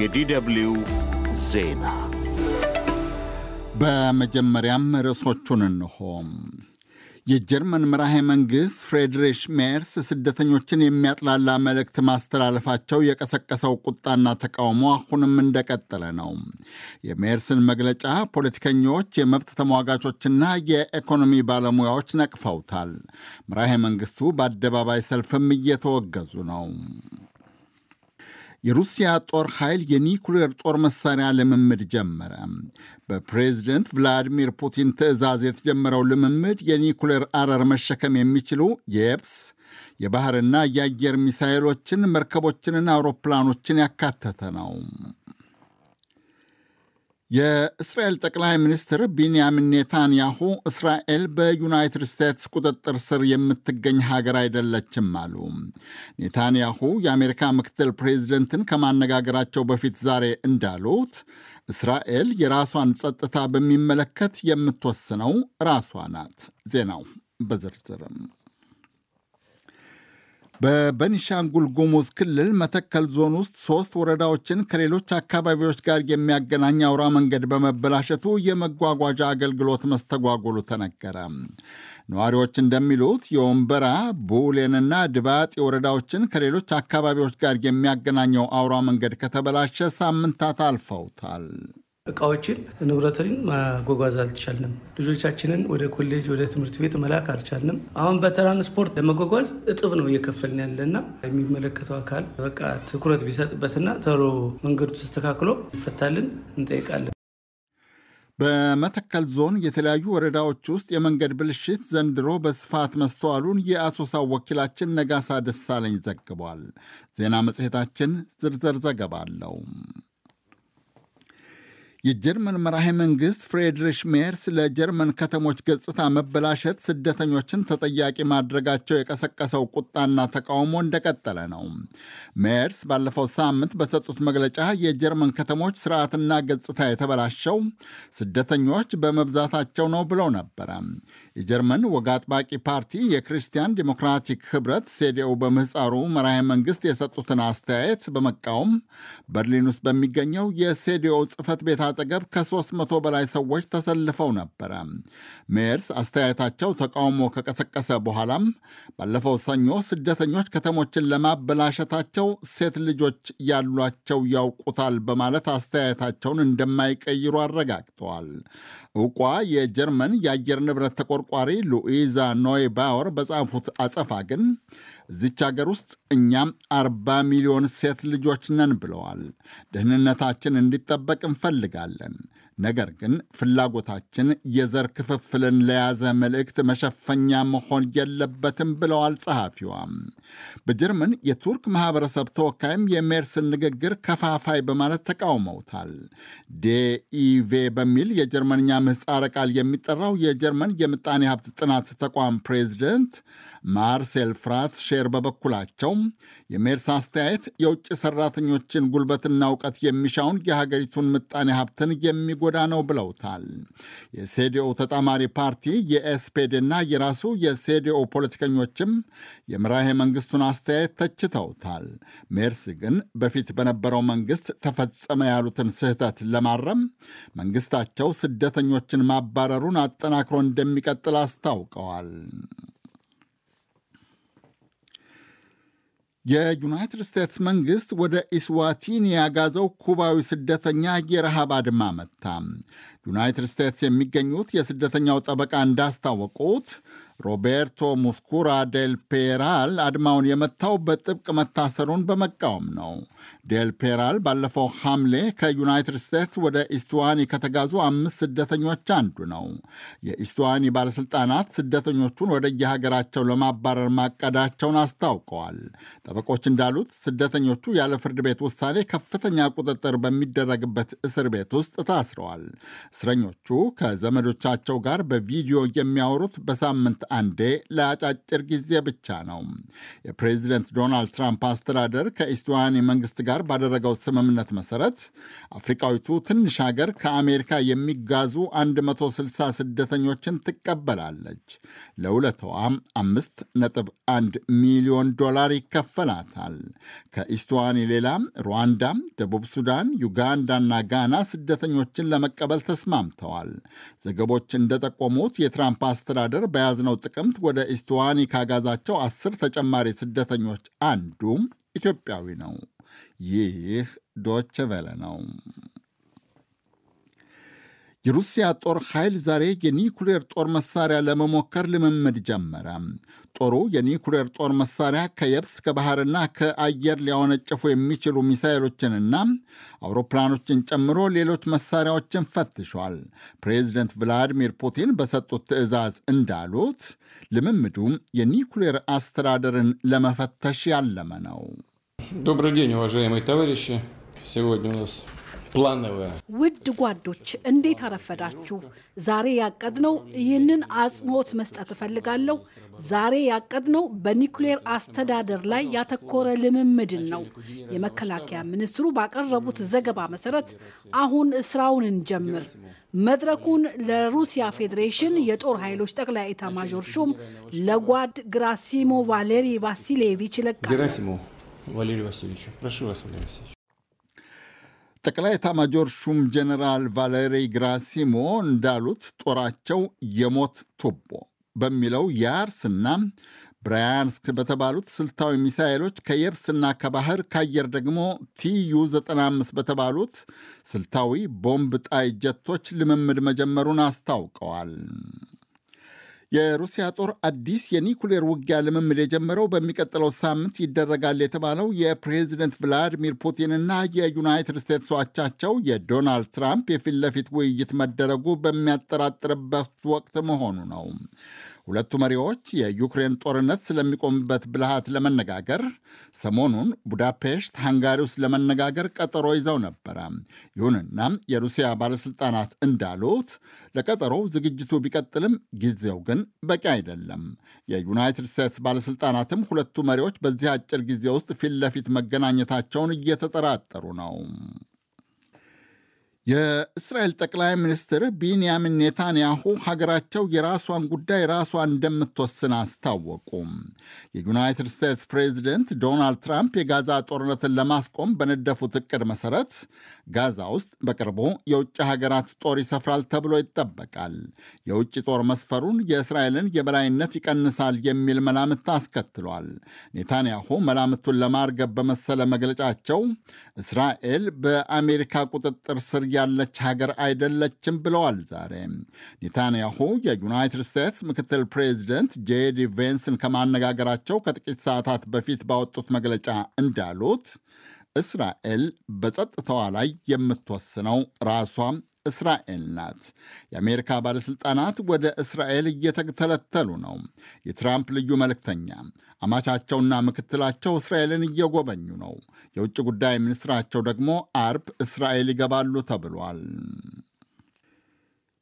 የዲደብልዩ ዜና በመጀመሪያም ርዕሶቹን እንሆ። የጀርመን መራሄ መንግሥት ፍሬድሪሽ ሜርስ ስደተኞችን የሚያጥላላ መልእክት ማስተላለፋቸው የቀሰቀሰው ቁጣና ተቃውሞ አሁንም እንደቀጠለ ነው። የሜርስን መግለጫ ፖለቲከኞች፣ የመብት ተሟጋቾችና የኢኮኖሚ ባለሙያዎች ነቅፈውታል። መራሄ መንግሥቱ በአደባባይ ሰልፍም እየተወገዙ ነው። የሩሲያ ጦር ኃይል የኒውክሌር ጦር መሳሪያ ልምምድ ጀመረ። በፕሬዝደንት ቭላዲሚር ፑቲን ትዕዛዝ የተጀመረው ልምምድ የኒውክሌር አረር መሸከም የሚችሉ የየብስ የባህርና የአየር ሚሳይሎችን፣ መርከቦችንና አውሮፕላኖችን ያካተተ ነው። የእስራኤል ጠቅላይ ሚኒስትር ቢንያሚን ኔታንያሁ እስራኤል በዩናይትድ ስቴትስ ቁጥጥር ስር የምትገኝ ሀገር አይደለችም አሉ። ኔታንያሁ የአሜሪካ ምክትል ፕሬዚደንትን ከማነጋገራቸው በፊት ዛሬ እንዳሉት እስራኤል የራሷን ጸጥታ በሚመለከት የምትወስነው ራሷ ናት። ዜናው በዝርዝርም በቤኒሻንጉል ጉሙዝ ክልል መተከል ዞን ውስጥ ሶስት ወረዳዎችን ከሌሎች አካባቢዎች ጋር የሚያገናኝ አውራ መንገድ በመበላሸቱ የመጓጓዣ አገልግሎት መስተጓጎሉ ተነገረ። ነዋሪዎች እንደሚሉት የወንበራ ቡሌንና ድባጤ ወረዳዎችን ከሌሎች አካባቢዎች ጋር የሚያገናኘው አውራ መንገድ ከተበላሸ ሳምንታት አልፈውታል። እቃዎችን፣ ንብረትን ማጓጓዝ አልቻልንም። ልጆቻችንን ወደ ኮሌጅ፣ ወደ ትምህርት ቤት መላክ አልቻልንም። አሁን በትራንስፖርት ለመጓጓዝ እጥፍ ነው እየከፈልን ያለና የሚመለከተው አካል በቃ ትኩረት ቢሰጥበትና ተሮ መንገዱ ተስተካክሎ ይፈታልን እንጠይቃለን። በመተከል ዞን የተለያዩ ወረዳዎች ውስጥ የመንገድ ብልሽት ዘንድሮ በስፋት መስተዋሉን የአሶሳው ወኪላችን ነጋሳ ደሳለኝ ዘግቧል። ዜና መጽሔታችን ዝርዝር ዘገባ አለው። የጀርመን መራሄ መንግስት ፍሬድሪሽ ሜርስ ለጀርመን ከተሞች ገጽታ መበላሸት ስደተኞችን ተጠያቂ ማድረጋቸው የቀሰቀሰው ቁጣና ተቃውሞ እንደቀጠለ ነው። ሜርስ ባለፈው ሳምንት በሰጡት መግለጫ የጀርመን ከተሞች ስርዓትና ገጽታ የተበላሸው ስደተኞች በመብዛታቸው ነው ብለው ነበረ። የጀርመን ወግ አጥባቂ ፓርቲ የክርስቲያን ዲሞክራቲክ ህብረት ሴዲኦ በምህፃሩ መራሄ መንግስት የሰጡትን አስተያየት በመቃወም በርሊን ውስጥ በሚገኘው የሴዲኦ ጽህፈት ቤት አጠገብ ከ300 በላይ ሰዎች ተሰልፈው ነበረ። ሜየርስ አስተያየታቸው ተቃውሞ ከቀሰቀሰ በኋላም ባለፈው ሰኞ ስደተኞች ከተሞችን ለማበላሸታቸው ሴት ልጆች ያሏቸው ያውቁታል በማለት አስተያየታቸውን እንደማይቀይሩ አረጋግጠዋል። እውቋ የጀርመን የአየር ንብረት ተቆር አቋቋሪ ሉዊዛ ኖይ ባወር በጻፉት አጸፋ ግን እዚች ሀገር ውስጥ እኛም አርባ ሚሊዮን ሴት ልጆች ነን ብለዋል። ደህንነታችን እንዲጠበቅ እንፈልጋለን። ነገር ግን ፍላጎታችን የዘር ክፍፍልን ለያዘ መልእክት መሸፈኛ መሆን የለበትም ብለዋል ጸሐፊዋም። በጀርመን የቱርክ ማህበረሰብ ተወካይም የሜርስን ንግግር ከፋፋይ በማለት ተቃውመውታል። ዴኢቬ በሚል የጀርመንኛ ምህፃረ ቃል የሚጠራው የጀርመን የምጣኔ ሀብት ጥናት ተቋም ፕሬዚደንት ማርሴል ፍራት ሼር በበኩላቸው የሜርስ አስተያየት የውጭ ሰራተኞችን ጉልበትና እውቀት የሚሻውን የሀገሪቱን ምጣኔ ሀብትን የሚጎዳ ነው ብለውታል። የሴዲኦ ተጣማሪ ፓርቲ የኤስፔድና የራሱ የሴዲኦ ፖለቲከኞችም የምራሄ መንግስቱን አስተያየት ተችተውታል። ሜርስ ግን በፊት በነበረው መንግስት ተፈጸመ ያሉትን ስህተት ለማረም መንግስታቸው ስደተኞችን ማባረሩን አጠናክሮ እንደሚቀጥል አስታውቀዋል። የዩናይትድ ስቴትስ መንግስት ወደ ኢስዋቲን ያጋዘው ኩባዊ ስደተኛ የረሃብ አድማ መታ። ዩናይትድ ስቴትስ የሚገኙት የስደተኛው ጠበቃ እንዳስታወቁት ሮቤርቶ ሙስኩራ ዴል ፔራል አድማውን የመታው በጥብቅ መታሰሩን በመቃወም ነው። ዴል ፔራል ባለፈው ሐምሌ ከዩናይትድ ስቴትስ ወደ ኢስቱዋኒ ከተጋዙ አምስት ስደተኞች አንዱ ነው። የኢስቱዋኒ ባለሥልጣናት ስደተኞቹን ወደየሀገራቸው ለማባረር ማቀዳቸውን አስታውቀዋል። ጠበቆች እንዳሉት ስደተኞቹ ያለ ፍርድ ቤት ውሳኔ ከፍተኛ ቁጥጥር በሚደረግበት እስር ቤት ውስጥ ታስረዋል። እስረኞቹ ከዘመዶቻቸው ጋር በቪዲዮ የሚያወሩት በሳምንት አንዴ ለአጫጭር ጊዜ ብቻ ነው። የፕሬዚደንት ዶናልድ ትራምፕ አስተዳደር ከኢስቶዋኒ መንግስት ጋር ባደረገው ስምምነት መሰረት አፍሪካዊቱ ትንሽ ሀገር ከአሜሪካ የሚጋዙ 160 ስደተኞችን ትቀበላለች። ለውለታዋም አንድ ሚሊዮን ዶላር ይከፈላታል። ከኢስቶዋኒ ሌላ ሩዋንዳ፣ ደቡብ ሱዳን፣ ዩጋንዳና ጋና ስደተኞችን ለመቀበል ተስማምተዋል። ዘገቦች እንደጠቆሙት የትራምፕ አስተዳደር በያዝነው ጥቅምት ወደ ኢስትዋኒ ካጋዛቸው አስር ተጨማሪ ስደተኞች አንዱም ኢትዮጵያዊ ነው። ይህ ዶችቨለ ነው። የሩሲያ ጦር ኃይል ዛሬ የኒኩሌር ጦር መሳሪያ ለመሞከር ልምምድ ጀመረ። ጦሩ የኒኩሌር ጦር መሳሪያ ከየብስ ከባህርና ከአየር ሊያወነጭፉ የሚችሉ ሚሳይሎችንና አውሮፕላኖችን ጨምሮ ሌሎች መሳሪያዎችን ፈትሿል። ፕሬዚደንት ቭላዲሚር ፑቲን በሰጡት ትዕዛዝ እንዳሉት ልምምዱ የኒኩሌር አስተዳደርን ለመፈተሽ ያለመ ነው። ውድ ጓዶች እንዴት አረፈዳችሁ? ዛሬ ያቀድነው ይህንን አጽንኦት መስጠት እፈልጋለሁ። ዛሬ ያቀድነው በኒውክሌር አስተዳደር ላይ ያተኮረ ልምምድን ነው። የመከላከያ ሚኒስትሩ ባቀረቡት ዘገባ መሰረት አሁን ስራውን እንጀምር። መድረኩን ለሩሲያ ፌዴሬሽን የጦር ኃይሎች ጠቅላይ ኤታማዦር ሹም ለጓድ ግራሲሞ ቫሌሪ ቫሲሌቪች ይለቃል። ጠቅላይ ታማጆር ሹም ጀኔራል ቫሌሪ ግራሲሞ እንዳሉት ጦራቸው የሞት ቱቦ በሚለው የአርስና ብራያንስክ በተባሉት ስልታዊ ሚሳኤሎች ከየብስና ከባህር ከአየር ደግሞ ቲዩ 95 በተባሉት ስልታዊ ቦምብ ጣይ ጀቶች ልምምድ መጀመሩን አስታውቀዋል። የሩሲያ ጦር አዲስ የኒኩሌር ውጊያ ልምምድ የጀመረው በሚቀጥለው ሳምንት ይደረጋል የተባለው የፕሬዚደንት ቭላዲሚር ፑቲንና የዩናይትድ ስቴትስ አቻቸው የዶናልድ ትራምፕ የፊት ለፊት ውይይት መደረጉ በሚያጠራጥርበት ወቅት መሆኑ ነው። ሁለቱ መሪዎች የዩክሬን ጦርነት ስለሚቆምበት ብልሃት ለመነጋገር ሰሞኑን ቡዳፔሽት ሃንጋሪ ውስጥ ለመነጋገር ቀጠሮ ይዘው ነበረ። ይሁንና የሩሲያ ባለሥልጣናት እንዳሉት ለቀጠሮው ዝግጅቱ ቢቀጥልም ጊዜው ግን በቂ አይደለም። የዩናይትድ ስቴትስ ባለሥልጣናትም ሁለቱ መሪዎች በዚህ አጭር ጊዜ ውስጥ ፊት ለፊት መገናኘታቸውን እየተጠራጠሩ ነው። የእስራኤል ጠቅላይ ሚኒስትር ቢንያሚን ኔታንያሁ ሀገራቸው የራሷን ጉዳይ ራሷ እንደምትወስን አስታወቁ። የዩናይትድ ስቴትስ ፕሬዚደንት ዶናልድ ትራምፕ የጋዛ ጦርነትን ለማስቆም በነደፉት እቅድ መሰረት ጋዛ ውስጥ በቅርቡ የውጭ ሀገራት ጦር ይሰፍራል ተብሎ ይጠበቃል። የውጭ ጦር መስፈሩን የእስራኤልን የበላይነት ይቀንሳል የሚል መላምት አስከትሏል። ኔታንያሁ መላምቱን ለማርገብ በመሰለ መግለጫቸው እስራኤል በአሜሪካ ቁጥጥር ስር ያለች ሀገር አይደለችም ብለዋል። ዛሬ ኔታንያሁ የዩናይትድ ስቴትስ ምክትል ፕሬዚደንት ጄዲ ቬንስን ከማነጋገራቸው ከጥቂት ሰዓታት በፊት ባወጡት መግለጫ እንዳሉት እስራኤል በጸጥታዋ ላይ የምትወስነው ራሷ እስራኤል ናት። የአሜሪካ ባለሥልጣናት ወደ እስራኤል እየተተለተሉ ነው። የትራምፕ ልዩ መልእክተኛ አማቻቸውና ምክትላቸው እስራኤልን እየጎበኙ ነው። የውጭ ጉዳይ ሚኒስትራቸው ደግሞ አርብ እስራኤል ይገባሉ ተብሏል።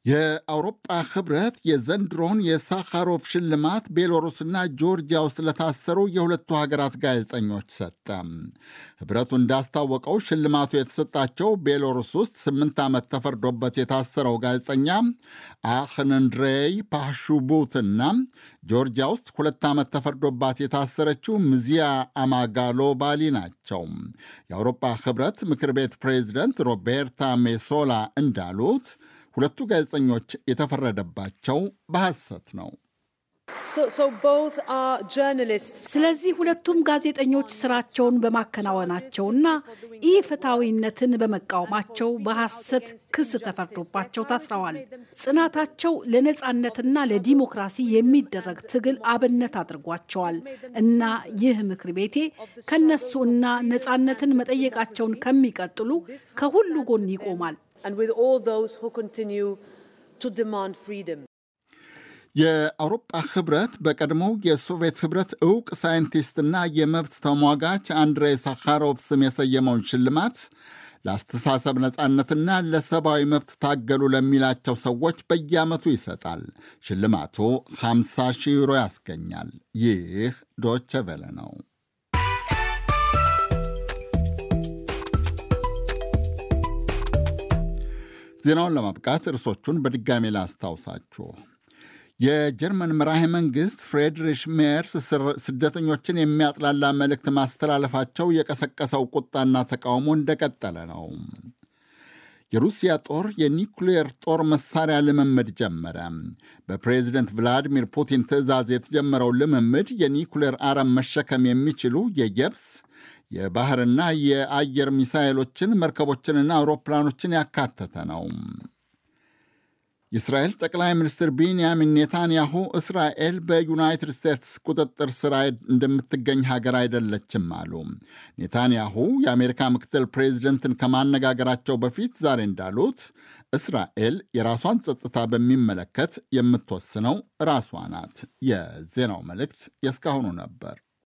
የአውሮጳ ህብረት የዘንድሮን የሳኻሮቭ ሽልማት ቤሎሩስና ጆርጂያ ውስጥ ለታሰሩ የሁለቱ ሀገራት ጋዜጠኞች ሰጠ። ህብረቱ እንዳስታወቀው ሽልማቱ የተሰጣቸው ቤሎሩስ ውስጥ ስምንት ዓመት ተፈርዶበት የታሰረው ጋዜጠኛ አህንድሬይ ፓሹቡትና ጆርጂያ ውስጥ ሁለት ዓመት ተፈርዶባት የታሰረችው ምዚያ አማጋሎ ባሊ ናቸው። የአውሮፓ ህብረት ምክር ቤት ፕሬዚደንት ሮቤርታ ሜሶላ እንዳሉት ሁለቱ ጋዜጠኞች የተፈረደባቸው በሐሰት ነው። ስለዚህ ሁለቱም ጋዜጠኞች ስራቸውን በማከናወናቸውና ኢፍትሐዊነትን በመቃወማቸው በሐሰት ክስ ተፈርዶባቸው ታስረዋል። ጽናታቸው ለነጻነትና ለዲሞክራሲ የሚደረግ ትግል አብነት አድርጓቸዋል እና ይህ ምክር ቤቴ ከነሱ እና ነጻነትን መጠየቃቸውን ከሚቀጥሉ ከሁሉ ጎን ይቆማል። and with all those who continue to demand freedom. የአውሮፓ ህብረት በቀድሞው የሶቪየት ህብረት እውቅ ሳይንቲስትና የመብት ተሟጋች አንድሬ ሳኻሮቭ ስም የሰየመውን ሽልማት ለአስተሳሰብ ነፃነትና ለሰብአዊ መብት ታገሉ ለሚላቸው ሰዎች በየዓመቱ ይሰጣል። ሽልማቱ 50 ሺህ ዩሮ ያስገኛል። ይህ ዶቸ ቬለ ነው። ዜናውን ለማብቃት እርሶቹን በድጋሜ ላስታውሳችሁ። የጀርመን መራሄ መንግስት ፍሬድሪሽ ሜርስ ስደተኞችን የሚያጥላላ መልእክት ማስተላለፋቸው የቀሰቀሰው ቁጣና ተቃውሞ እንደቀጠለ ነው። የሩሲያ ጦር የኒውክሌር ጦር መሳሪያ ልምምድ ጀመረ። በፕሬዝደንት ቭላዲሚር ፑቲን ትዕዛዝ የተጀመረው ልምምድ የኒውክሌር አረም መሸከም የሚችሉ የየብስ የባህርና የአየር ሚሳይሎችን መርከቦችንና አውሮፕላኖችን ያካተተ ነው። የእስራኤል ጠቅላይ ሚኒስትር ቢንያሚን ኔታንያሁ እስራኤል በዩናይትድ ስቴትስ ቁጥጥር ስራ እንደምትገኝ ሀገር አይደለችም አሉ። ኔታንያሁ የአሜሪካ ምክትል ፕሬዚደንትን ከማነጋገራቸው በፊት ዛሬ እንዳሉት እስራኤል የራሷን ጸጥታ በሚመለከት የምትወስነው ራሷ ናት። የዜናው መልእክት የእስካሁኑ ነበር።